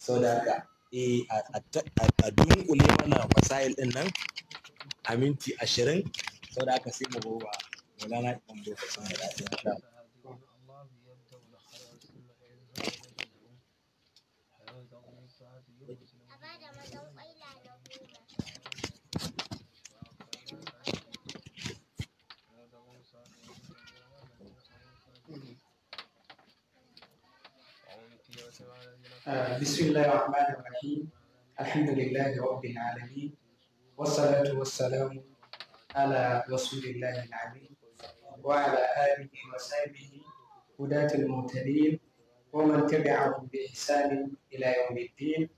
sau da haka eh, a dunkule mana masail din nan a minti ashirin sau da haka sai mu ba maulana ibn boko sun da lafiya بسم الله الرحمن الرحيم الحمد لله رب العالمين والصلاة والسلام على رسول الله العظيم وعلى آله وصحبه هداة المهتدين ومن تبعهم بإحسان إلى يوم الدين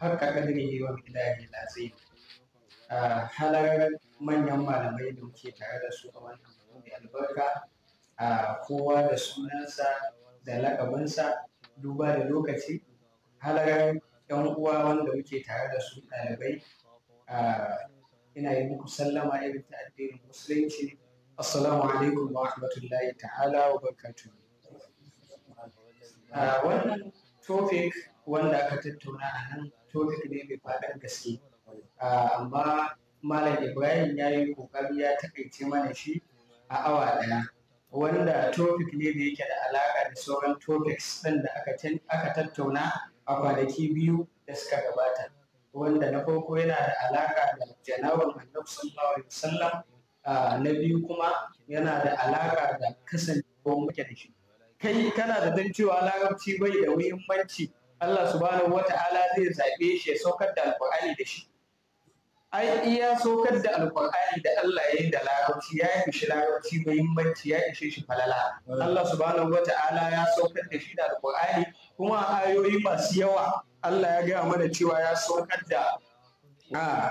حق قدره ومقداره العظيم halar من يوم على muke كي تعالى su a wannan mai albarka a kowa da sunansa da duba da lokaci halarar yan uwa wanda muke tare da su ɗalibai ina yi muku sallama irin ta addinin musulunci assalamu alaikum wa rahmatullahi ta'ala wa barkatu wannan tofik wanda aka tattauna a nan topic ne mai faɗin gaske amma malam ibrahim ya yi kokari ya taƙaice mana shi a awa ɗaya wanda topic ne da yake da alaƙa da sauran topics ɗin da aka tattauna a kwanaki biyu da suka gabata wanda na farko yana da alaka da janawar annabi sallallahu alaihi wasallam na biyu kuma yana da alaka da kasancewar muke da shi kai kana da dan cewa larabci bai da muhimmanci Allah subhanahu wata'ala zai zaɓe shi ya saukar da alqur'ani da shi ai iya saukar da alkur'ani da Allah ya yi da larabci ya yi shi larabci muhimmanci ya ishe shi falala Allah subhanahu wata'ala ya saukar da shi da alkur'ani kuma ayoyi masu yawa Allah ya gaya mana cewa ya saukar da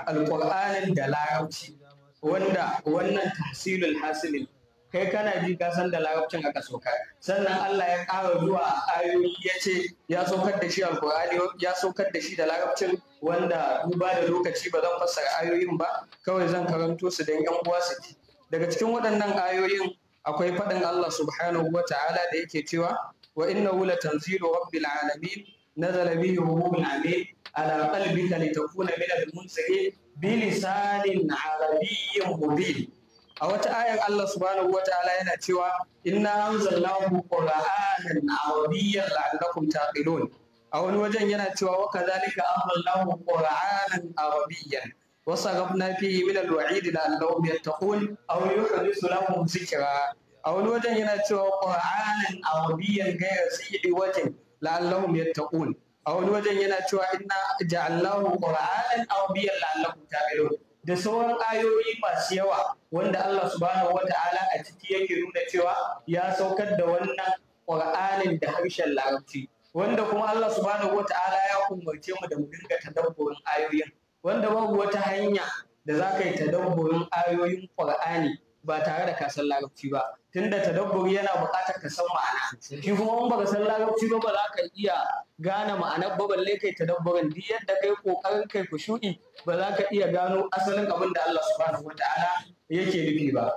alƙur'anin da larabci wanda wannan tasirin hasilin kai kana ji ka san da larabcin aka sauka sannan Allah ya ƙara zuwa ayoyi ya ce ya saukar da shi alƙur'ani ya saukar da shi da larabcin wanda duba da lokaci ba zan fassara ayoyin ba kawai zan karanto su don yan uwa su daga cikin waɗannan ayoyin akwai faɗin Allah subhanahu wa ta'ala da yake cewa wa innahu latanzilu rabbil alamin nazala bihi ruhul amin ala qalbika litakuna min al-munzirin bi lisanin arabiyyin mubin a wata ayar Allah subhanahu wa ta'ala yana cewa inna anzalnahu qur'anan arabiyyan la'allakum taqilun a wani wajen yana cewa wa kadhalika anzalnahu qur'anan arabiyyan وصرفنا فيه من الوعيد لعلهم يتقون أو يحدث لهم ذكرا أو الوجه ينتهي قرآنا عربيا غير سيء وجه لعلهم يتقون أو الوجه ينتهي إنا جعلناه قرآنا عربيا لعلهم تعقلون da sauran ayoyi masu yawa wanda Allah subhanahu wa ta'ala a ciki yake nuna cewa ya saukar da wannan Qur'anin da harshen Larabci wanda kuma Allah subhanahu wa ta'ala ya umarce mu da mu dinga tadabburin ayoyin wanda babu wata hanya da za ka yi tadabburin ayoyin ƙwar'ani ba tare da ka larabci ba tunda tadabburi yana buƙatar ka san ma'ana shi kuma in baka san larabci ba ba za ka iya gane ma'anar ba balle kai tadabburin duk yadda kai kokarin kai shuɗi ba za ka iya gano asalin abin da Allah subhanahu ta'ala yake nufi ba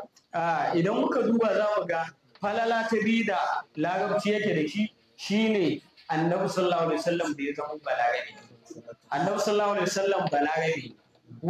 idan muka duba za mu ga falala ta bi da larabci yake da shi shine annabi sallallahu alaihi wasallam da ya zama balarabe annabi sallallahu alaihi wasallam balarabe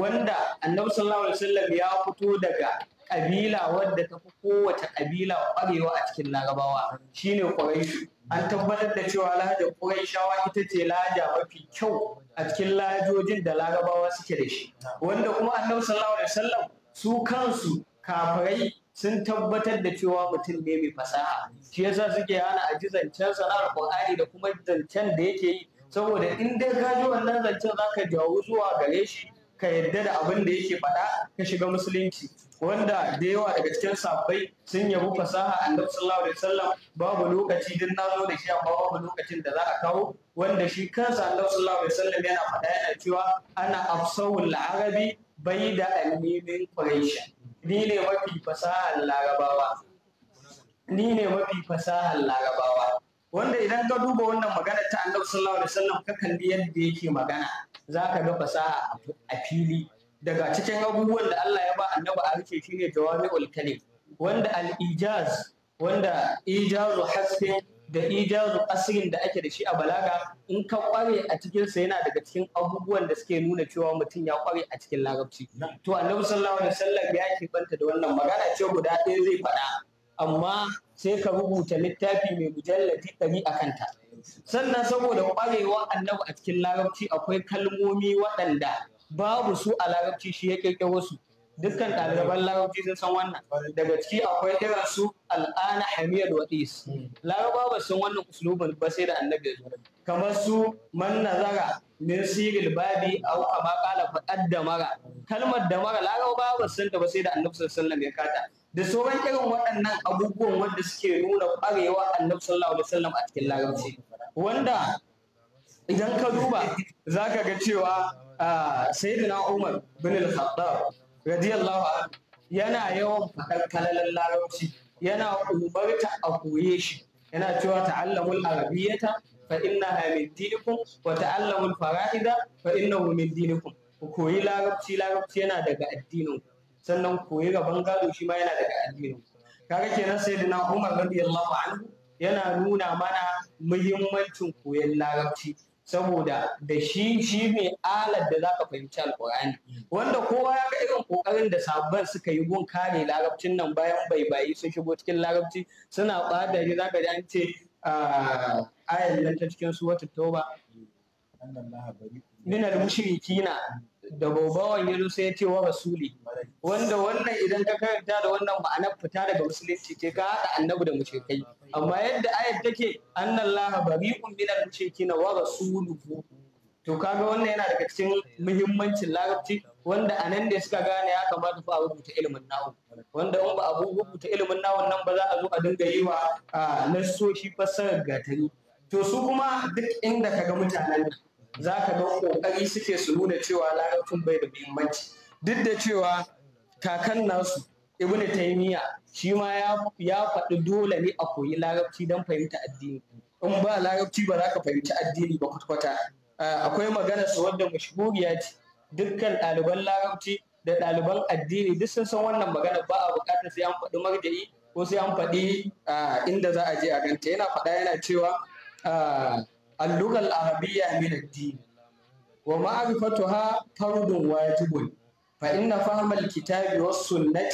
wanda annabi sallallahu alaihi wasallam ya fito daga kabila wadda ta fi kowace kabila kwarewa a cikin larabawa shine quraishu an tabbatar da cewa lahajar quraishawa ita ce lahaja mafi kyau a cikin lahajojin da larabawa suke da shi wanda kuma annabi sallallahu alaihi wasallam su kansu kafirai sun tabbatar da cewa mutum ne mai fasaha shi yasa suke hana a ji zancen sana'ar qur'ani da kuma zancen da yake yi saboda in dai ka ji wannan zancen za ka jawo zuwa gare shi ka yarda da abin da yake faɗa ka shiga musulunci wanda da yawa daga cikin sabbai sun yabi fasaha annabi sallallahu alaihi wasallam babu lokaci din na zo da shi amma babu lokacin da za a kawo wanda shi kansa annabi sallallahu alaihi wasallam yana faɗa yana cewa ana afsawul arabi bai da alimin quraish ni ne mafi fasahar larabawa ni ne mafi fasahar larabawa wanda idan ka duba wannan magana ta annabi sallallahu alaihi wasallam ka kalli yadda yake magana za ka ga fasaha a fili daga cikin abubuwan da Allah ya ba annabi a rike shine jawami'ul kalim wanda al-ijaz wanda ijazu hasfin da ijazu asirin da ake da shi a balaga in ka kware a cikinsa yana daga cikin abubuwan da suke nuna cewa mutum ya kware a cikin larabci to annabi sallallahu alaihi wasallam ya kibanta da wannan magana cewa guda ɗaya zai faɗa amma sai ka rubuta littafi mai mujallati ɗari a kanta sannan saboda ƙwarewa annabi a cikin larabci akwai kalmomi waɗanda babu su a larabci shi ya ƙirƙiro su dukkan ɗaliban larabci sun san wannan daga ciki akwai irin su al'ana hamiyar wadis laraba sun wannan uslubin ba sai da annabi ya zo kamar su man nazara min siril babi aw aba qala faqad damara kalmar damara larabawa ba san ta ba sai da annabi sallallahu alaihi kata da sauran irin waɗannan abubuwan wanda suke nuna ƙwarewa annabi sallallahu alaihi wasallam a cikin larabci wanda idan ka duba za ka ga cewa sayyidina Umar bin al-Khattab radiyallahu anhu yana yawan faɗar kalalan larabci yana umarta a koye shi yana cewa ta'allamul arabiyyata fa innaha min Allah wa ta'allamul fara'ida fa innahu min dinikum ku koyi larabci larabci yana daga addinin sannan koyi rabon gado shi yana daga addinin kaga kenan sayyidina Umar radiyallahu anhu yana nuna mana muhimmancin koyon larabci saboda da shi shi ne alar da zaka fahimci alkur'ani wanda kowa ya ga irin kokarin da sabon suka yi gun kare larabcin nan bayan bai bayi shigo cikin larabci suna bada ne zaka ji an ah, ayar nan ta cikin suratul tauba min al-mushrikina da babawan yazo sai ya ce wa rasuli wanda wannan idan ka karanta da wannan ma'anar fita daga musulunci ce ka haɗa annabi da mushrikai amma yadda ayar take annallaha bari'un min al-mushrikina wa rasuluhu to kaga wannan yana daga cikin muhimmancin larabci wanda anan nan da suka gane ya kamata fa a rubuta ilimin nawo wanda in ba a rubuta ilimin nawo nan ba za a zo a dinga yi wa nassoshi fassarar gatari to su kuma duk inda ka ga mutanen za ka ga kokari suke su nuna cewa larabcin bai da muhimmanci duk da cewa kakan nasu ibnu taymiya shi ma ya faɗi dole ne a koyi larabci don fahimta addini in ba larabci ba za ka fahimci addini ba kwata akwai magana su wadda mashhuriya ce dukkan ɗaliban larabci da ɗaliban addini duk sun san wannan magana ba a buƙatar sai an faɗi marjayi ko sai an faɗi inda za a je a ganta yana faɗa yana cewa allugal arabiya min addini wa ma'rifatu ha fardu wajibu fa inna fahmal kitabi was fardun,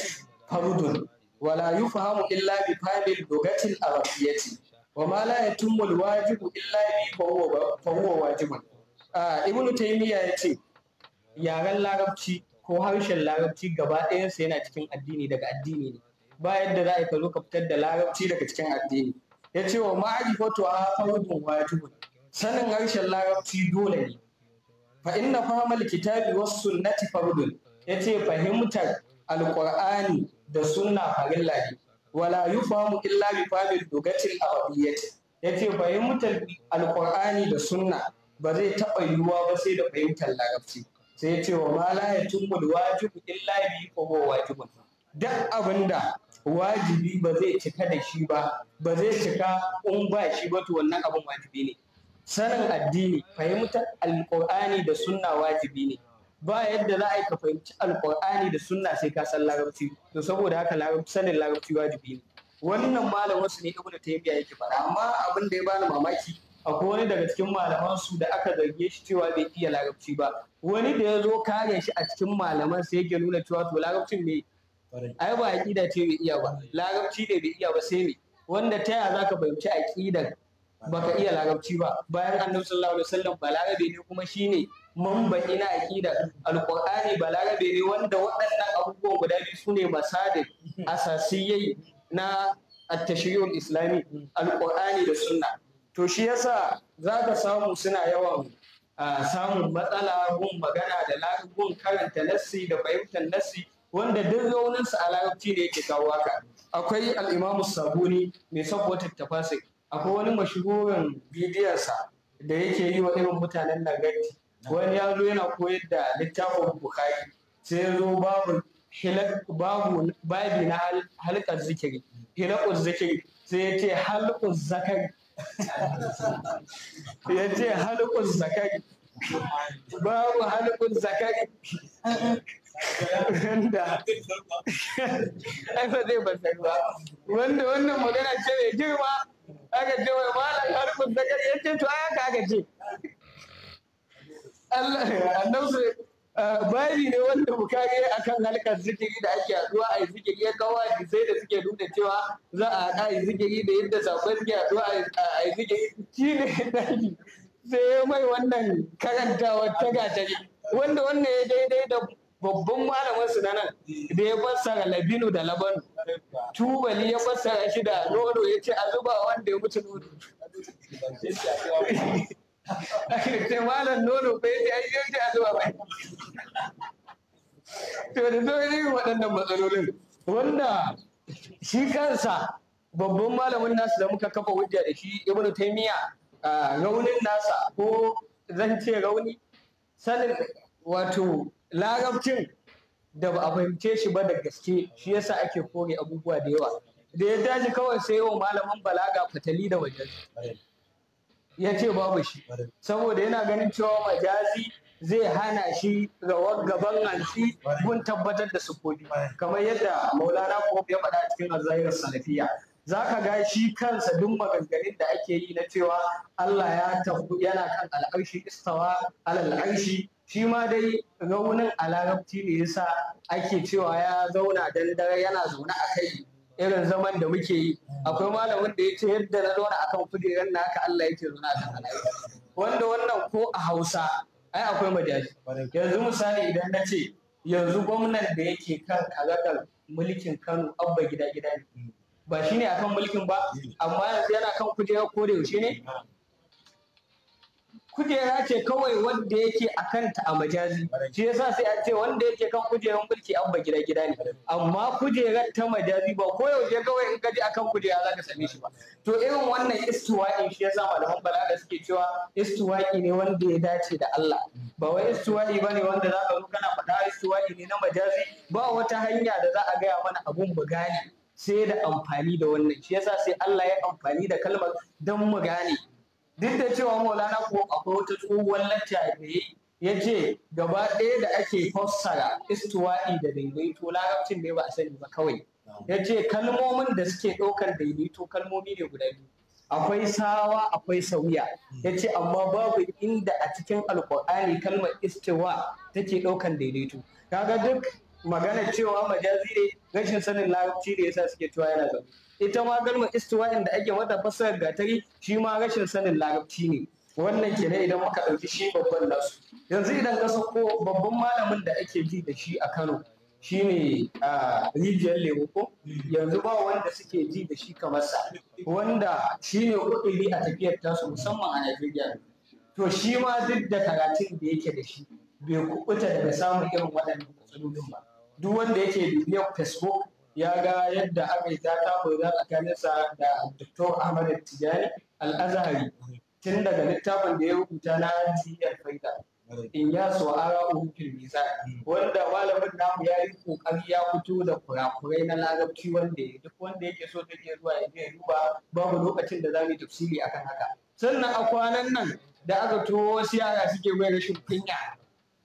fardu wa la yufahamu illa bi fahmil lughati al arabiyyati wa ma la yatimmu al illa bi fahmu wajibu ibnu taymiya yace ya gan larabci ko harshen larabci gaba ɗayan yana cikin addini daga addini ne ba yadda za a zo ka fitar da larabci daga cikin addini ya ce wa ma'arifatu a faridun wajibun sanin harshen larabci dole ne fa inna famal kitabi was sunnati Ya ce, fahimtar alqur'ani da sunna farilla ne wala yufamu illa bi fahmil lugatil Ya ce, fahimtar alqur'ani da sunna ba zai taɓa yiwuwa ba sai da fahimtar larabci sai ya ce wa ma la yatimmu wajibu illa bi fahimtar huwa wajibun duk abinda wajibi ba zai cika da shi ba ba zai cika in ba shi ba to wannan abin wajibi ne sanin addini fahimtar alkur'ani da sunna wajibi ne ba yadda za a yi ka fahimci alkur'ani da sunna sai ka san larabci to saboda haka sanin larabci wajibi ne wannan malam su ne ta taymiya yake faɗa amma abin da ya bani mamaki akwai wani daga cikin malaman su da aka zarge shi cewa bai iya larabci ba wani da ya zo kare shi a cikin malaman sai yake nuna cewa to larabcin ne ai ba aqida ce bai iya ba larabci ne bai iya ba sai me wanda ta yaya zaka fahimci aqida baka iya larabci ba bayan annabi sallallahu alaihi wasallam balarabe ne kuma shine mambaci na aqida alqur'ani balarabe ne wanda waɗannan abubuwan guda biyu sune masadin asasiyai na at-tashriyul islami alqur'ani da sunna to shi yasa zaka samu suna yawan ah, samun matsala gun magana da gun karanta nassi da fahimtar nassi wanda duk rauninsa a larabci ne yake kawo haka akwai al'imamu sabuni mai sabbatar tafasik akwai wani mashigoron bidiyarsa da yake yi wa irin mutanen nagarti wani ya zo yana koyar da littafin bukari sai ya zo babu babu babi na halkar zikiri hilakun zikiri sai ya ce halkun zakari ya ce halkun zakari babu halkun zakari wanda ai ba zai basar ba wanda wannan magana ce mai girma aka ce wai malam harkun da ya ce to aka aka ce Allah annabi eh, babi ne wanda mu bukari akan halkar zikiri da ake haduwa a zikiri ya kawo hadisai da suke nuna cewa za a haɗa a zikiri da yadda sakon ke haduwa a zikiri shi ne sai mai wannan karantawa ta gatari wanda wannan ya daidai da babban malamin su na nan da ya fassara labinu da laban tubali ya fassara shi da nono ya ce a zuba wanda ya mutu nono sai malam nono bai ce ai yau ce a zuba bai to da zo irin waɗannan matsalolin wanda shi kansa babban malamin nasu da muka kafa hujja da shi ibnu taymiya ah, raunin nasa ko zan ce rauni sanin wato larabcin da ba a fahimce shi ba da gaske shi yasa ake kore abubuwa da yawa da ya tashi kawai sai wa malamin balaga fatali da wajen ya ce babu shi saboda yana ganin cewa majazi zai hana shi rawar gaban hansi gun tabbatar da sukobi kamar yadda maulana ko ya faɗa cikin azahir salafiya za ka ga shi kansa duk maganganun da ake yi na cewa Allah ya tafi yana kan al'arshi istawa al'arshi shi ma dai raunin a larabci ne yasa ake cewa ya zauna dare yana zaune a kai irin zaman da muke yi akwai malamin da ya ce yadda na zauna akan kujerar na haka Allah yake zauna a kan wanda wannan ko a Hausa ai akwai majaji yanzu misali idan na ce yanzu gwamnan da yake kan kagagar mulkin Kano abba gida gida ne ba shine akan mulkin ba amma yanzu yana kan kujerar ko da yaushe ne kujera ce kawai wanda yake a kanta a majazi shi yasa sai a ce wanda yake kan kujerar mulki an ba gida gida ne amma kujerar ta majazi ba ko je kawai in gaji akan kujera za ka same shi ba to irin wannan istiwa'i shi yasa malaman balaga suke cewa istiwa'i ne wanda ya dace da Allah ba wai istiwa'i bane wanda za ka zo kana faɗa istiwa'i ne na majazi ba wata hanya da za a gaya mana abun mu gane sai da amfani da wannan shi yasa sai Allah ya amfani da kalmar dan mu gane duk da cewa maulana ko akwai wata tsohuwar latta da ya ce gaba ɗaya da ake fassara istuwa'i da daidaito larabcin ne ba a sani ba kawai ya ce kalmomin da suke ɗaukar daidaito kalmomi ne guda biyu akwai sawa akwai sauya ya ce amma babu inda a cikin alkur'ani kalmar istiwa take ɗaukan daidaito kaga duk magana cewa majazi ne rashin sanin larabci da ya sa suke cewa yana zaune ita ma kalmar istiwa'in da ake mata fassarar gatari shi ma rashin sanin larabci ne wannan ne idan muka ɗauki shi babban nasu yanzu idan ka sauko babban malamin da ake ji da shi a Kano shi ne a rijiyar lemu ko yanzu ba wanda suke ji da shi kamar sa wanda shi ne kudiri a tafiyar tasu musamman a Najeriya to shi ma duk da karatun da yake da shi bai kubuta daga samun irin waɗannan matsalolin ba duk wanda yake duniyar Facebook ya ga yadda aka yi ta da tsakaninsa da Dr. Ahmad Tijani Al-Azhari tun daga littafin da ya rubuta na Jiyar Faida. In ya so ara uhukul mizan wanda malamin namu ya yi kokari ya fito da kurakurai na larabci wanda duk wanda yake so ta ke zuwa ya je duba babu lokacin da za mu yi tafsiri akan haka. Sannan a kwanan nan da aka tuwo wasu yara suke mai rashin kunya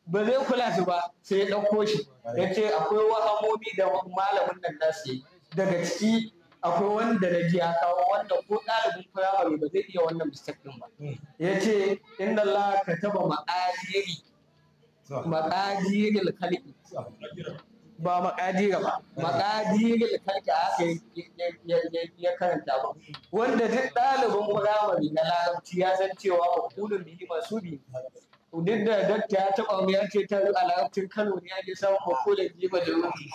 ba zai kula shi ba sai ya ɗauko shi ya ce akwai wahamomi da malamin nan nasu yi daga ciki akwai wanda na ji ya kawo wanda ko ɗalibin firamare ba zai iya wannan mistakin ba ya ce inda Allah ka taba maƙadiri maƙadiril kalbi ba maƙadira ba maƙadiril kalbi a haka ya karanta ba wanda duk ɗalibin firamare na larabci ya san cewa maƙulun bihi masu biyu duk da dakta ya taɓa mu ya ce ta a larabcin kano ne ake samun makolan jima da ruhi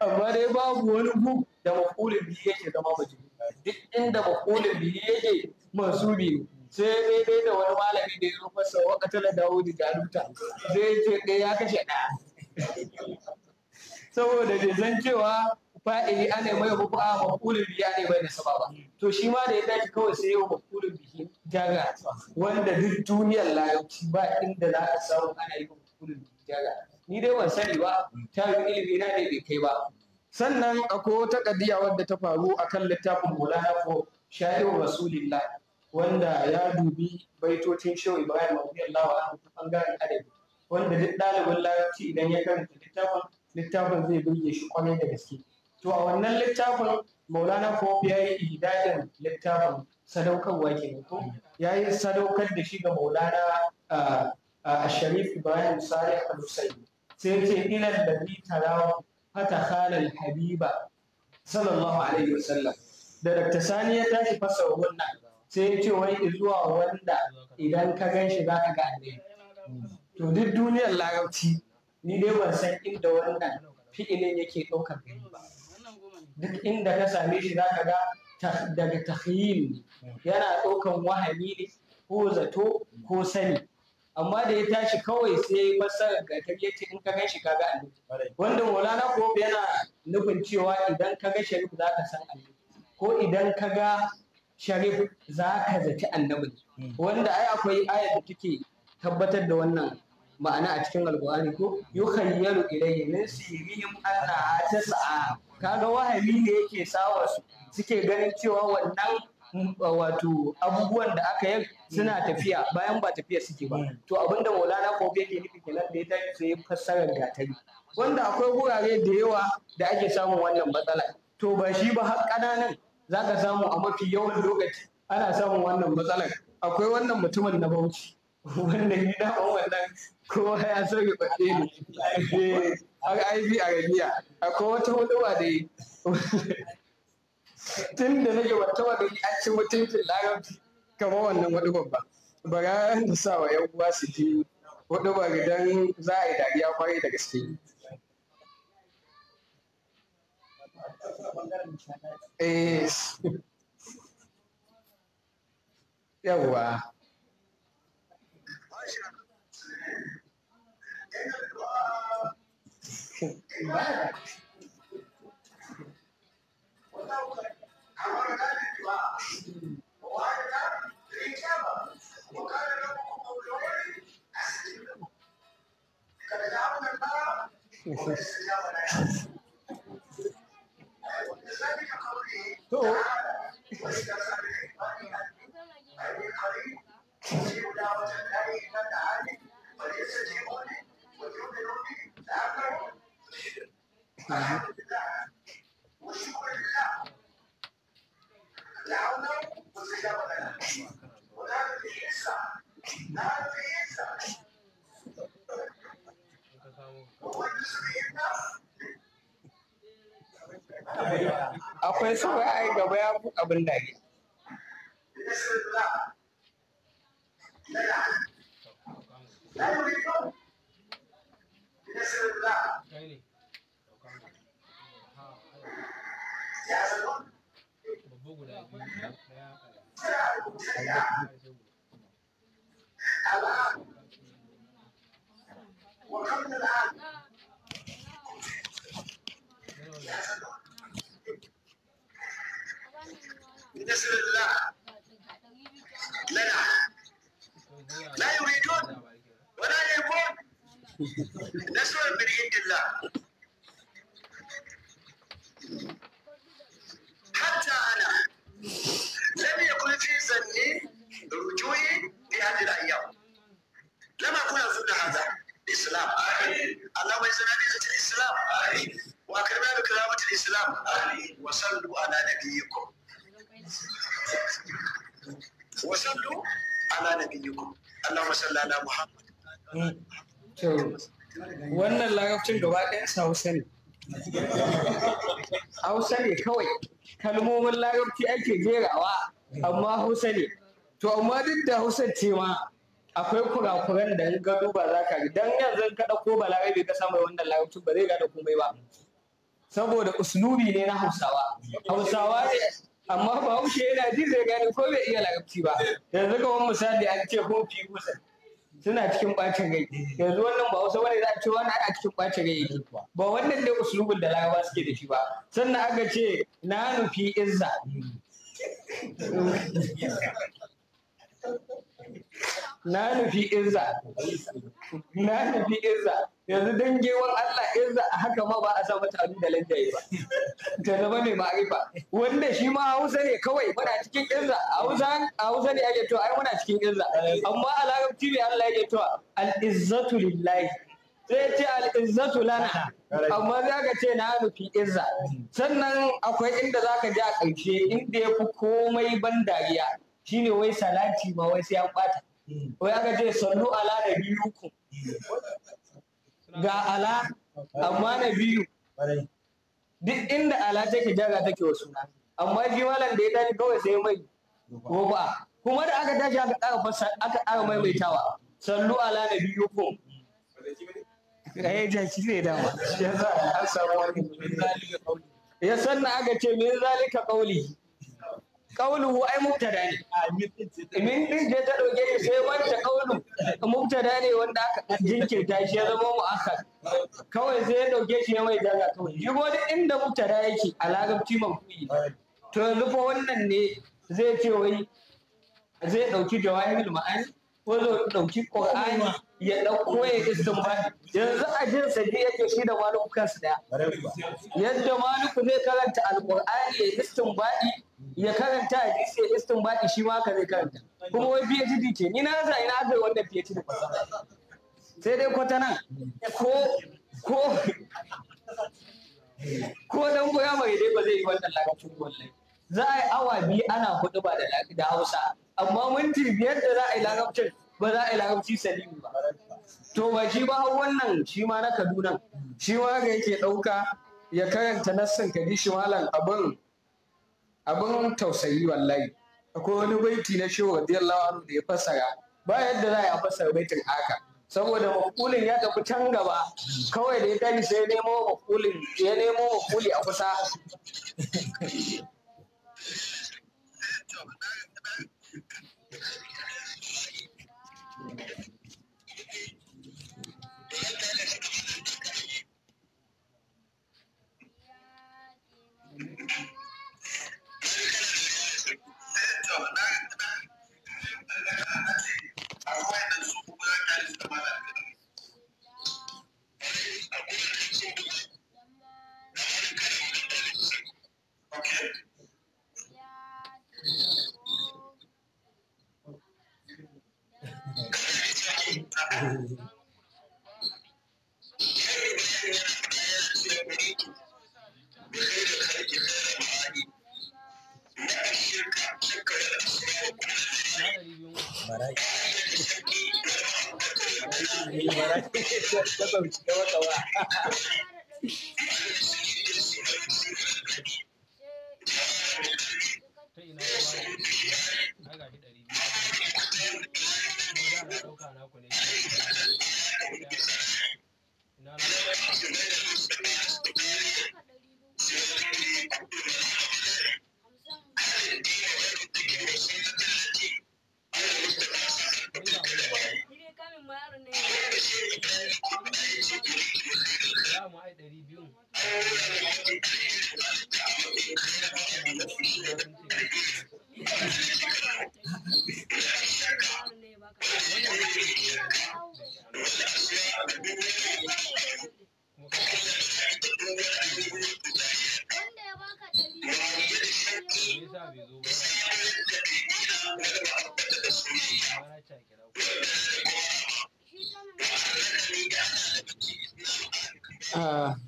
amma dai babu wani gu da makolan biyu yake zama jini duk inda makolan biyu yake masu biyu sai dai-dai da wani malami da ya zo masa wa katala da jaruta zai ce ɗaya ya kashe ɗaya saboda dai zan cewa fa'ili ana mai a mafulun biyu ana mai da sababa to shi ma da ya dace kawai sai yau mafulun bihi jaga wanda duk duniyar layauci ba inda za a samu ana yi mafulun bihi jaga ni dai ban sani ba ta yi ilimi na ne bai kai ba sannan akwai wata kadiya wadda ta faru akan littafin Maulana ko Shahiru Rasulillah wanda ya dubi baitocin Shehu Ibrahim radiyallahu anhu ta bangaren adabi wanda duk ɗalibin layauci idan ya karanta littafin littafin zai burge shi kwarai da gaske to a wannan littafin maulana Kofi ya yi idadin littafin sadaukarwa ke ko ya yi sadaukar da shi ga maulana a sharif ibrahim sari a sai ce ilan da bi tarawa hata halar habiba sallallahu alaihi wasallam da dakta sani ya tashi fasa wannan sai ya ce wai zuwa wanda idan ka gan shi za ka ga annabi to duk duniyar larabci ni dai ban san inda wannan fi'ilin yake ɗaukar gani ba duk inda ka same shi za ka ga daga takhiyim yana ɗaukan wahani ne ko zato ko sani amma da ya tashi kawai sai fassara ga ta in ka ganshi ka ga annabi wanda na ko yana nufin cewa idan ka ga sharif za ka san annabi ko idan ka ga sharif za ka zaci annabi hmm. wanda ai akwai ayar da take tabbatar da wannan ma'ana a cikin alƙur'ani ko yukhayyalu ilayhi min sirrihim annaha tas'a kaga wahami da yake sawa su suke ganin cewa wannan uh, wato abubuwan da aka yi suna tafiya bayan ba tafiya suke ba to abinda maulana kobe yake nufi kenan da ya tafi sai fassarar gatari wanda akwai wurare da yawa da ake samun wannan matsala to ba shi ba har ƙananan za ka samu a mafi yawan lokaci ana samun wannan matsalar akwai wannan mutumin na bauchi wanda ni da wannan kowa ya so ya ne har a arabiya akwai wata huduwa da yi tun da nake wata wadda yi an ci mutuncin larabci kama wannan huduwa ba bara da sa wa yan uwa su ji huduwa idan za a yi dariya kwarai da gaske eh. yawwa to time. Uh-huh. ƙasa hausa ne kawai kalmomin larabci ake jerawa amma hausa ne to amma duk da hausa ce ma akwai kurakuran da ya ka duba za ka yi don yanzu ka ɗauko balarabe ka samu wannan larabcin ba zai gada komai ba saboda uslubi ne na hausawa hausawa ne amma ba bahaushe yana ji zai gane ko bai iya larabci ba yanzu ga wani misali an ce fi musa suna cikin bacin rai yanzu wannan ba wasu wani za a ce wani a cikin bacin rai yake ba wannan dai usulubin da laraba suke da shi ba sannan aka ce na nufi izza na nufi izza na nufi izza yanzu dange gewar Allah izza haka ma ba a sa mata abin da lantaye ba ta zama mai ma'arifa wanda shi ma Hausa ne kawai muna cikin izza Hausa Hausa ne ake cewa ai muna cikin izza amma a larabci ne Allah yake cewa al izzatu lillahi sai ce al'izzatu lana amma za ka ce na nufi izza sannan akwai inda za ka ji a ƙarshe inda ya fi komai ban dariya shine wai salati ma wai sai an ɓata wai aka ce sannu ala da biyu ku ga ala amma na biyu duk inda ala take jaga take wasu suna amma shi malam da ya tashi kawai sai mai ba kuma da aka tashi aka ƙara fasa aka ƙara maimaitawa sannu ala na biyu ku kai eh, ja shi ne dama ya san na aka ce min zalika qauli kauluhu ai mubtada ne min din je ta doge shi sai wanda kaulu mubtada ne wanda aka jinkirta shi ya zama aka kawai sai ya doge shi ya mai daga kawai yi ko inda mubtada yake a larabci mamfuyi to yanzu fa wannan ne zai ce wai zai dauki jawahirul ma'ani ko zai dauki qur'ani ya dauko ya istinbadi yanzu a jin sabi yake shi da malukan su daya yadda maluku zai karanta alqur'ani ya istinbadi ya karanta a jisai istinbadi shi ma ka zai karanta kuma wai PhD ke ni na za ina ga wannan PhD ba sai dai kwata nan ko ko ko dan goya mai dai ba zai yi wannan lakacin wallahi za a yi awa biyu ana kudu ba da Hausa amma minti biyar da za a yi lakacin ba za a yi lakacin Salimu ba to ba shi ba wannan shi ma na Kaduna shi ma ga yake dauka ya karanta nassin shi Malam abin abin tausayi wallahi akwai wani baiti na shehu radiyallahu anhu da ya fassara ba yadda za a fassara baitin haka saboda makulin ya tafi can gaba kawai da ya tashi sai ya nemo makuli a kusa 这都给我做啊！哈哈。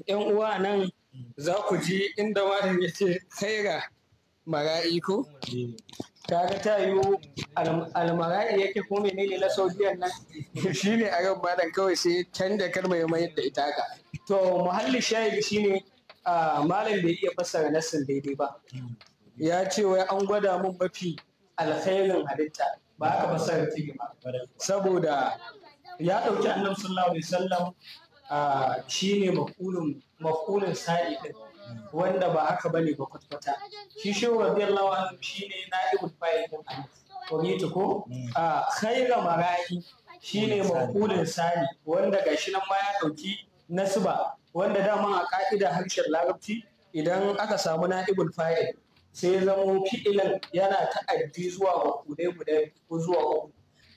'yan uwa nan za ku ji inda malam ya ce khaira mara'i ko? Kaga ta yiwu almara'i yake ko menene na saudiyan nan shi ne a ran kawai sai canza kalma ya mayar da ita ka. To muhalli shahidi shi ne malam bai iya fassara nassin daidai ba. Ya ce wai an gwada mun mafi alkhairin halitta ba aka fassara take ba. Saboda ya ɗauki annabi sallallahu alaihi wasallam shi ne makulin sa'i din wanda ba haka ba ne ba kwatkwata shi shi radiyallahu anhu shi ne na'ibul fa'il ɗin kwamiti ko hmm. a khaira marayi shi ne makulin sa'i wanda gashi nan ma ya ɗauki nasiba wanda dama a ka'ida harshen larabci idan aka samu na'ibul fa'il sai ya zamo fi'ilan yana ta'addi zuwa makulai guda zuwa uku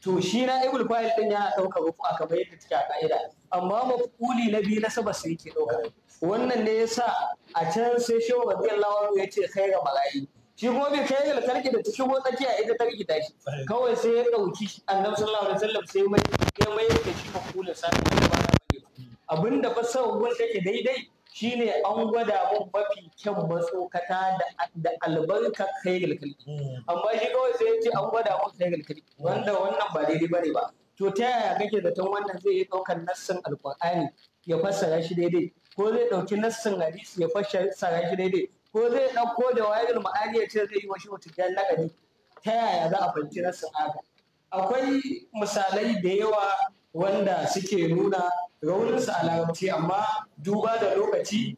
to shi na ibul fa'il din yana ɗaukar rufu'a kamar yadda take ka'ida amma mafuli na biyu na saba su yake ɗauka wannan ne yasa a can sai shi wa radiyallahu anhu yace ga mala'i shi kuma bai kai ga tarki da ta wata tsakiya ita ta rikita shi kawai sai ya ɗauki annabi sallallahu alaihi wasallam sai mai ya mai da shi mafulin sa abinda fasawar take daidai shine an gwada mun mafi kyan matsokata da albarka kai galkali, hmm. amma shi kawai sai ce an gwada mun kai galkali. wanda wannan ba daidai bane ba to ta yaya kake zaton wannan zai yi daukar nassin alqur'ani ya fassara shi daidai ko zai ɗauki nassin hadisi ya fassara shi daidai ko zai ɗauko da wayar ma'ani ya ce zai yi wasu shi mutukan lagari ta yaya za a fahimci nassin haka akwai misalai da yawa wanda suke nuna rauninsa a larabci amma duba da lokaci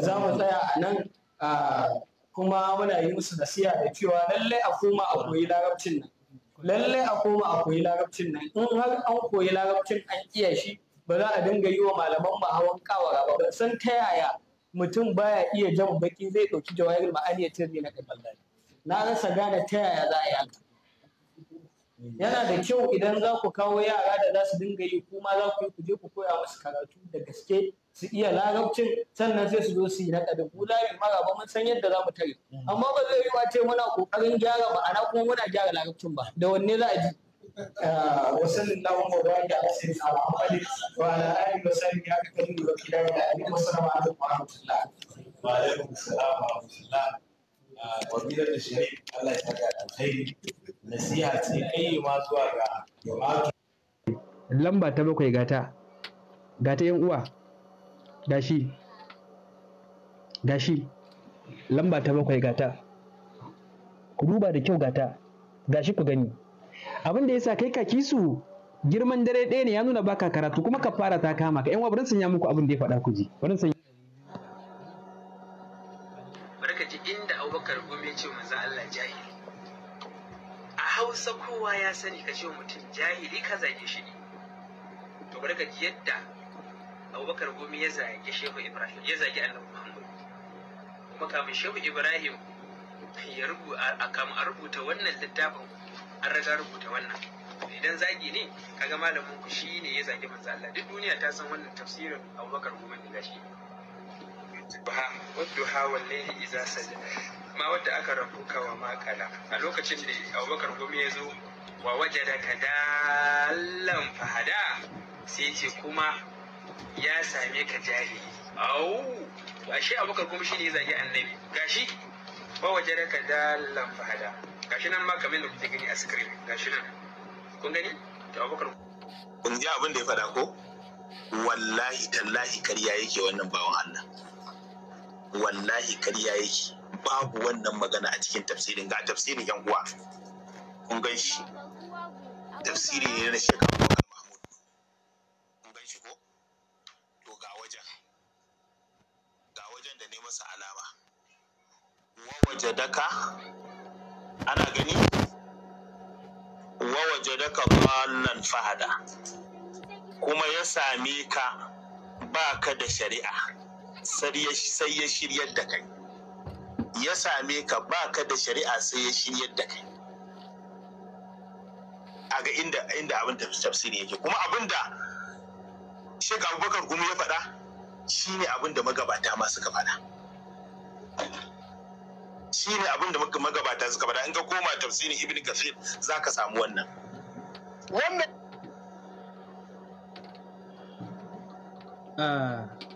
za mu tsaya a nan kuma muna yi musu nasiya da cewa lallai a koma a koyi larabcin nan lallai a koma a koyi larabcin nan in har an koyi larabcin an iya shi ba za a dinga yi wa malaman mu hawan kawara ba ban san ta yaya mutum baya iya jan baki zai ɗauki jawahir ma'ani ya tirni na kai na rasa gane ta yaya za a yi haka yana da kyau idan za ku kawo yara da za su dinga yi kuma za ku yi ku je ku koya musu karatu da gaske su iya larabcin sannan sai su zo su yi na ƙadin ku layin mara ba mun san yadda za mu tare amma ba zai yi wa ce muna ƙoƙarin gyara ba ma'ana kuma muna gyara larabcin ba da wanne za a ji وصلى اللهم وبارك على سيدنا محمد وعلى اله وصحبه اجمعين وكلا والسلام عليكم ورحمه الله وعليكم السلام ورحمه الله wabilar da shi Allah ya saka alkhairi nasiha ce kai ma zuwa ga lamba ta bakwai gata gata yan uwa gashi gashi lamba ta bakwai gata ku duba da kyau gata gashi ku gani abin da yasa kai kaki su girman dare ɗaya ne ya nuna baka karatu kuma ka fara ta kama ka yan uwa bari sun ya muku abin da ya faɗa ku ji bari sun ya ce manzo Allah jahili a hausa kowa ya sani ka ce mutum jahili ka zage shi ne to bari ka ji yadda abubakar gumi ya zage shehu ibrahim ya zage annabi muhammad kuma kamin shehu ibrahim ya rubuta a rubuta wannan littafin an riga rubuta wannan idan zagi ne kaga malamin ku shi ne ya zage manzo Allah duk duniya ta san wannan tafsirin abubakar gumi ne gashi ba wadduha wal layli idza sajada ma wadda aka rabu kawa makala a lokacin da abubakar gumi ya zo wa waje da kadallan fahada sai ce kuma ya same ka jari au shi abubakar gumi shi ne zagi annabi Ga shi wa waje da kadallan fahada Ga shi nan ma kamar da kuke gani a screen shi nan kun gani da abubakar kun ji abin da ya faɗa ko wallahi tallahi karya yake wannan bawan Allah wallahi karya yake babu wannan magana a cikin tafsirin ga tafsirin yan uwa kun gan shi tafsiri ne na shekaru bakar mahmud kun gan shi ko to ga wajen ga wajen da ne masa alama wawaje daka ana gani wawaje daka ballan fahada kuma ya same ka ba ka da shari'a sai ya shiryar da kai ya same ka ba ka da shari'a sai ya shiryar da kai a ga inda inda abin tafsiri yake kuma abin da Sheikh Abubakar Gumi ya faɗa shi ne abin da magabata ma suka faɗa shine abin da magabata suka faɗa in ka koma tafsirin Ibn za ka samu wannan wannan ah.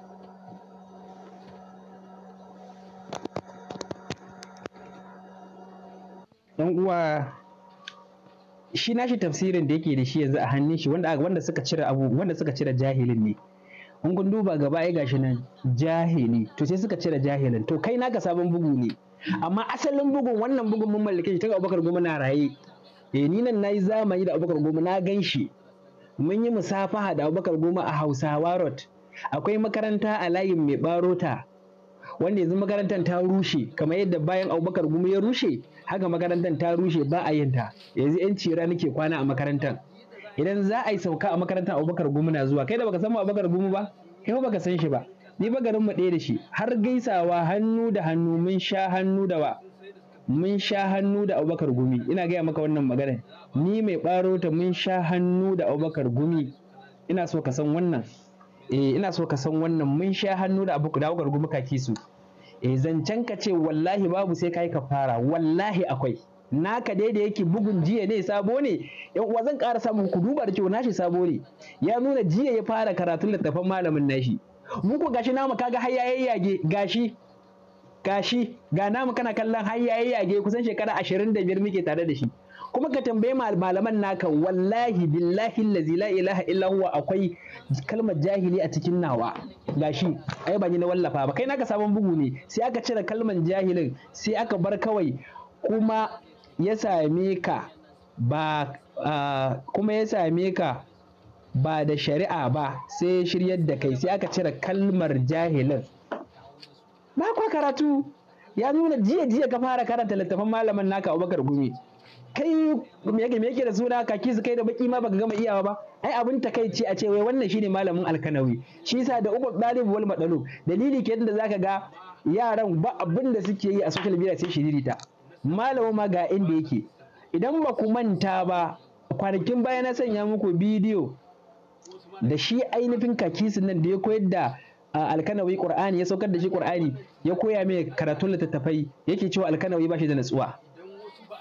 ɗan uwa shi nashi tafsirin da yake da shi yanzu a hannun shi wanda wanda suka cire abu wanda suka cire jahilin ne in kun duba gaba ai gashi nan jahili to sai suka cire jahilin to kai naka sabon bugu ne amma asalin bugun wannan bugun mun mallake shi ta Abubakar Goma na raye eh ni nan nayi zamani da Abubakar Goma na gan shi mun yi musafaha da Abubakar Goma a Hausawa Road akwai makaranta a layin mai barota wanda yanzu makarantar ta rushe kamar yadda bayan Abubakar Goma ya rushe haka makarantar ta rushe ba a yin ta yanzu yan cira nake kwana a makarantar idan za a yi sauka a makarantar abubakar gumu na zuwa kai da baka san mu abubakar gumu ba kai ba baka san shi ba ni ba garin mu ɗaya da shi har gaisawa hannu da hannu mun sha hannu da wa mun sha hannu da abubakar gumi ina gaya maka wannan magana ni mai ɓaro ta mun sha hannu da abubakar gumi ina so ka san wannan eh ina so ka san wannan mun sha hannu da abubakar gumi kaki su eh zancen ka ce wallahi babu sai kai ka fara wallahi akwai naka dai da yake bugun jiya ne sabo ne yan uwa zan ƙara samun ku duba da cewa nashi sabo ne ya nuna jiya ya fara karatun littafan malamin nashi mu ko gashi namu kaga har yage gashi gashi ga namu kana kallon har yage kusan shekara 25 muke tare da shi kuma ka tambaye malaman naka wallahi billahi allazi la ilaha illa huwa akwai kalmar jahili a cikin nawa gashi ai ba ni na wallafa ba kai naka sabon bugu ne sai aka cire kalmar jahilin sai aka bar kawai kuma ya same ka ba kuma ya same ka ba da shari'a ba sai ya shiryar da kai sai aka cire kalmar jahilin ba kwa karatu ya nuna jiya jiya ka fara karanta littafin malamin naka Abubakar Gumi kai me yake da suna kaki su kai da baki ma baka gama iyawa ba ai abin takaici a ce wai wannan shine malamin alkanawi shi yasa da uku dalib wal dalili ke da zaka ga yaran ba abin da suke yi a social media sai shiririta malamin ma ga inda yake idan ba ku manta ba kwanakin baya na sanya muku bidiyo da shi ainihin kakisin nan da ya koyar da alkanawi qur'ani ya saukar da shi qur'ani ya koya mai karatun littattafai yake cewa alkanawi ba shi da natsuwa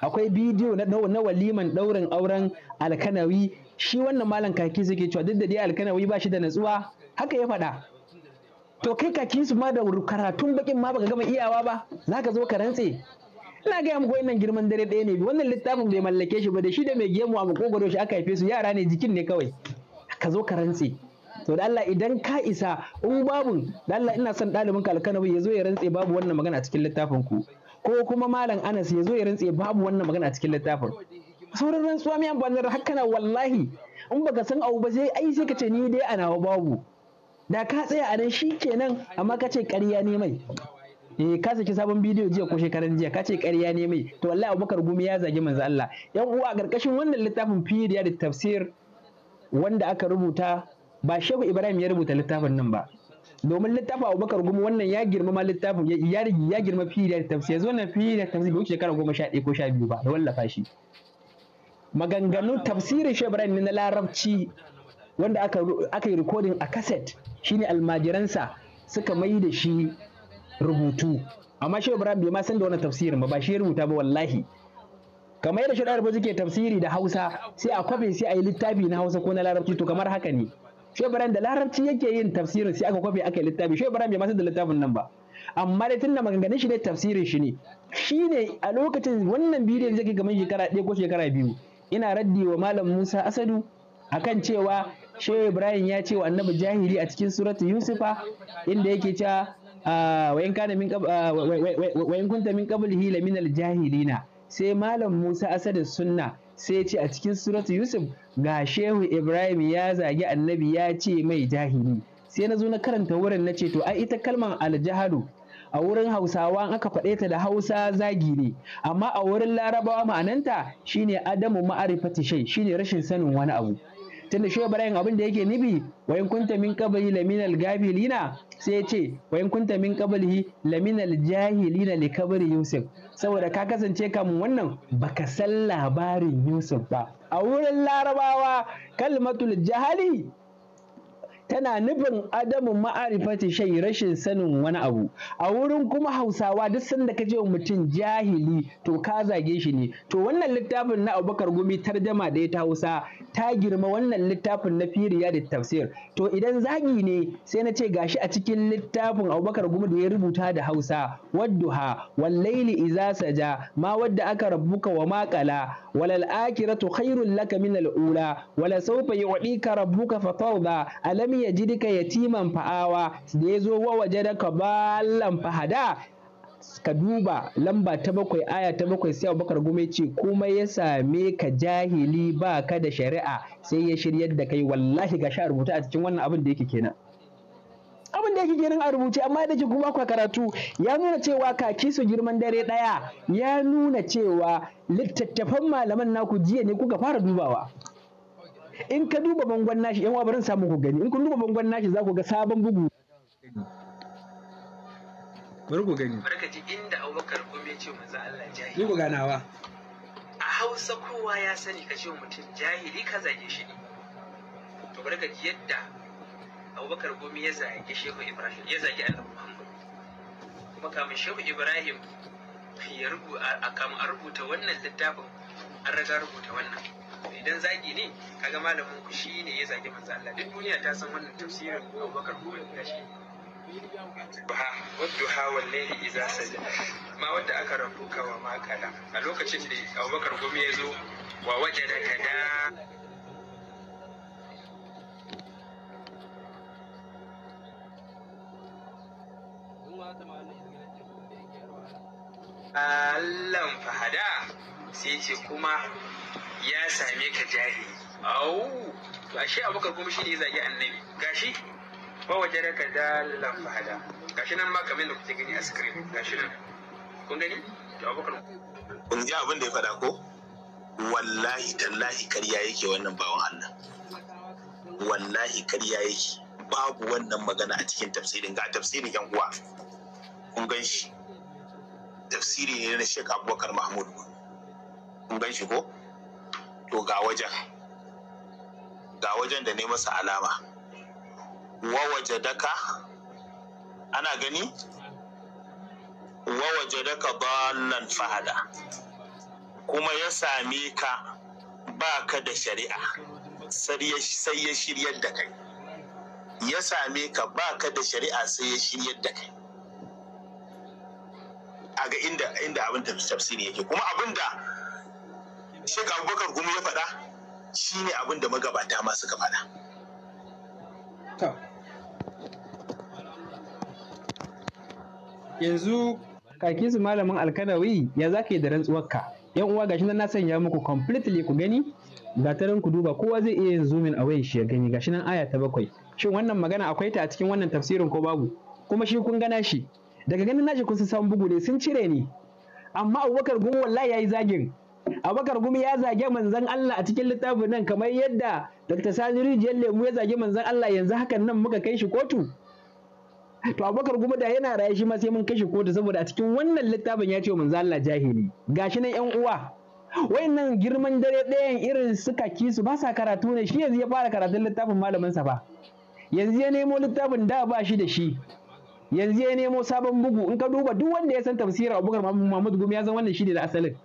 akwai bidiyo na waliman ɗaurin auren alkanawi shi wannan malam kaki suke cewa duk da dai alkanawi ba shi da natsuwa haka ya faɗa to kai kaki su ma da karatun bakin ma baka gama iyawa ba za ka zo ka rantse ina gaya muku wannan girman dare ɗaya ne wannan littafin bai mallake shi ba da shi da mai gemu a makogoro shi aka haife su yara ne jikin ne kawai ka zo ka rantse to da Allah idan ka isa in babu da Allah ina son ɗalibin ka alkanawi ya zo ya rantse babu wannan magana a cikin littafin ku ko kuma malam anas ya zo ya rantse babu wannan magana cikin littafin sauran rantsuwa amfani da hakkana wallahi in baka san abu ba sai ai sai ka ce ni dai ana babu da ka tsaya a nan shi kenan amma ka ce ƙarya ne mai eh ka saki sabon bidiyo jiya ko shekaran jiya ka ce ƙarya ne mai to wallahi Abubakar Gumi ya zagi manzo Allah yan uwa a wannan littafin fidiya da tafsir wanda aka rubuta ba Shehu Ibrahim ya rubuta littafin nan ba domin littafin abubakar gumi wannan ya girmama littafin ya ya girma fi da tafsir zo wannan fi da tafsir bai wuce shekara goma sha ɗaya ko sha biyu ba da wallafa shi maganganun tafsirin shebran ne na larabci wanda aka yi rikodin a kaset shine almajiransa suka mai da shi rubutu amma shebran bai ma san da wannan tafsirin ba ba shi ya rubuta ba wallahi kamar yadda ɗaya ba suke tafsiri da hausa sai a kwafe sai a yi littafi na hausa ko na larabci to kamar haka ne Shehu Ibrahim da larabci yake yin tafsirin sai aka kwafe aka yi littafi Shehu Ibrahim bai masu da littafin nan ba amma dai tunda maganganun shi ne tafsirin shi ne shi ne a lokacin wannan bidiyon zai kai kamar shekara ɗaya ko shekara biyu ina raddi wa malam Musa Asadu a kan cewa Shehu Ibrahim ya ce wa annabi jahili a cikin suratu Yusufa inda yake cewa ah, wayan kana min ah, wayan kunta min qablihi jahilina sai malam Musa Asadu sunna sai ce a cikin suratu yusuf ga shehu ibrahim ya zagi annabi ya ce mai jahili sai na zo na karanta wurin na ce to ai ita kalmar aljahadu a wurin hausawa aka faɗe ta da hausa zagi ne amma a wurin larabawa ma'ananta shine adamu ma'arifati shai shine rashin sanin wani abu tunda shi Ibrahim abin da yake nufi wa in kunta min qabli laminal gabilina sai ya ce wa in kunta min qablihi laminal jahilina li kabri Yusuf saboda ka kasance kamin wannan baka san labarin Yusuf ba a wurin larabawa kalmatul jahali tana nufin adamu ma'arifati shai rashin sanin wani abu a wurin kuma hausawa duk sanda ka ce mutum jahili to ka zage shi ne to wannan littafin na abubakar gumi tarjama da ya ta hausa ta girma wannan littafin na firiya da tafsir to idan zagi ne sai na ce gashi a cikin littafin abubakar gumi da ya rubuta da hausa wadduha wallaili iza saja ma wadda aka rabuka wa maƙala. walal akhiratu khairul laka min al ula wala sawfa yu'tika rabbuka fatawda alam yajidka yatiman fa'awa da yazo wa wajadaka ballan fahada ka duba lamba ta bakwai aya ta bakwai sai abubakar gume ce kuma ya same ka jahili baka da shari'a sai ya shiryar da kai wallahi ga sha rubuta a cikin wannan abin da yake kenan abin da yake ginin a rubuce amma da ke kuma kwa karatu ya nuna cewa kaki su girman dare ɗaya ya nuna cewa littattafan malaman naku jiya ne kuka fara dubawa in ka duba bangon nashi yan wabarin samu ku gani in ku duba bangon nashi za ku ga sabon bugu bari ku gani barkaci inda abubakar kuma ya ce manzo Allah jahili ku ganawa a Hausa kowa ya sani ka ce mutum jahili ka zage shi ne to barkaci yadda abubakar gomi ya zagi shehu ibrahim ya zage allah muhammad kuma kamin shehu ibrahim ya rubuta a rubuta wannan littafin an raga rubuta wannan idan zagi ne kaga malamin ku shi ne ya zagi manzo Allah duk duniya ta san wannan tafsirin abubakar gomi ya shi hawan ne ne iza saja ma wadda aka rabu kawa makala a lokacin da abubakar gumi ya zo wa wajadaka da allan fahada sai ce kuma ya same ka jahi au to ashe abubakar kuma shi ne ya zagi annabi gashi ba waje da ka dalan fahada gashi nan ma kamar da kuke gani a screen gashi nan kun gani to abubakar kun ji abin da ya faɗa ko wallahi tallahi karya yake wannan bawan Allah wallahi karya yake babu wannan magana a cikin tafsirin ga tafsirin yan uwa kun gan shi tafsiri ne na Sheikh Abubakar Mahmud in gan shi ko to ga wajen ga wajen da ne masa alama wawaje daka ana gani wawaje daka ballan fahada kuma ya same ka ba ka da shari'a sai ya shiryar da kai ya same ka ba ka da shari'a sai ya shiryar da kai a ga inda inda abin tafsiri yake kuma abin da Sheikh Abubakar Gumi ya faɗa shine abin da magabata ma suka faɗa yanzu kaki su malamin alkadawi ya za da rantsuwar ka, yan uwa gashi nan na sanya muku completely ku gani gatarin ku duba kowa zai iya yin zoomin away shi ya gani gashi nan aya ta bakwai shin wannan magana akwai ta a cikin wannan tafsirin ko babu kuma shi kun gana shi daga ganin nashi kusa san bugu ne sun cire ni amma abubakar gumi wallahi yi zagin abubakar gumi ya zage manzon Allah a cikin littafin nan kamar yadda Dr. Sani Rijiyar Lemu ya zage manzon Allah yanzu hakan nan muka kai shi kotu to abubakar gumi da yana raye shi ma sai mun kai shi kotu saboda a cikin wannan littafin ya ce manzon Allah jahili gashi nan yan uwa wayannan girman dare ɗayan irin suka kisu ba sa karatu ne shi yanzu ya fara karatun littafin malamin sa ba yanzu ya nemo littafin da ba shi da shi yanzu ya nemo sabon bugu in ka duba duk wanda ya san tafsirar abubakar mahmud gumi ya san wannan shine da asalin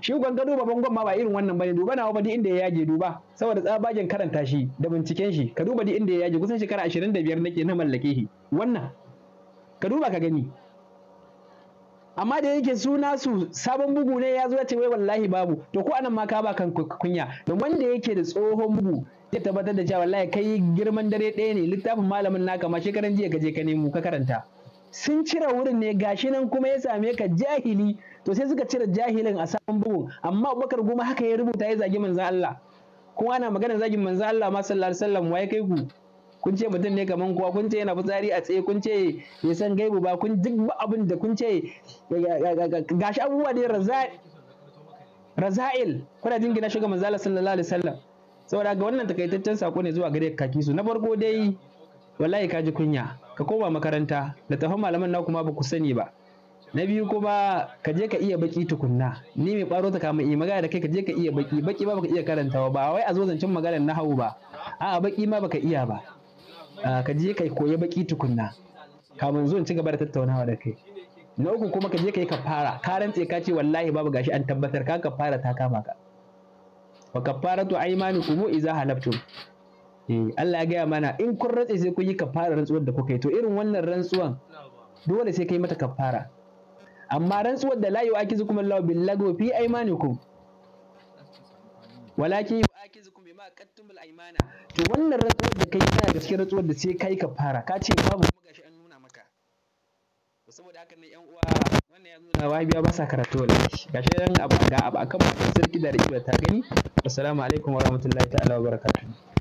shi ka duba bangon ma ba irin wannan bane duba nawa ba duk inda ya yage duba saboda tsabagen karanta shi da binciken shi ka duba duk inda ya yage kusan shekara 25 nake na mallake shi wannan ka duba ka gani amma da yake suna su sabon bugu ne ya zo ya ce wai wallahi babu to ko anan ma ka ba kan kunya to wanda yake da tsohon bugu zai tabbatar da cewa wallahi kai girman dare ɗaya ne littafin malamin naka ma shekaran jiya ka je ka nemo ka karanta sun cire wurin ne gashi nan kuma ya same ka jahili to sai suka cire jahilin a sabon bugu amma Abubakar goma haka ya rubuta ya zagi manzo Allah kuma ana magana zagin manzon Allah ma sallallahu alaihi wasallam wai kai ku kun ce mutum ne kaman kowa kun ce yana fitsari a tsaye kun ce bai san gaibu ba kun duk abin da kun ce gashi abubuwa ne raza'il kuna jin gina shiga manzala sallallahu alaihi wasallam saboda ga wannan takaitaccen sako ne zuwa gare kaki su na farko dai wallahi ka ji kunya ka koma makaranta da tafi malaman na kuma ba ku sani ba na biyu kuma ka je ka iya baki tukunna ni mai baro ta kama yi eh, magana da kai ka je ka iya baki baki ba baka iya karantawa ba wai a zo zancen na hau ba a'a baki ma baka iya ba Ah, ka je kai koyi baki tukunna kamun zuwan ci gaba da tattaunawa da kai na uku kuma ka je kai ka fara ka rantse ka ce wallahi babu gashi an tabbatar ka ka fara ta kama ka wa kafaratu aymanikum idza halaftum eh Allah ya gaya mana in kun rantse sai kun yi kafara rantsuwar da kuka yi to irin wannan rantsuwan dole sai kai mata kafara amma rantsuwar da la yu'akizukum Allahu bil fi aymanikum walakin aqattumul aymana to wannan rantsuwar da kai tana gaske cikin rantsuwar da sai kai ka fara ka ce babu kuma gashi an nuna maka to saboda haka ne yan uwa wannan ya nuna biya ba sa karatu wallahi gashi dan abu ga abu akan sarki da rikiba ta gani assalamu alaikum warahmatullahi ta'ala wabarakatuh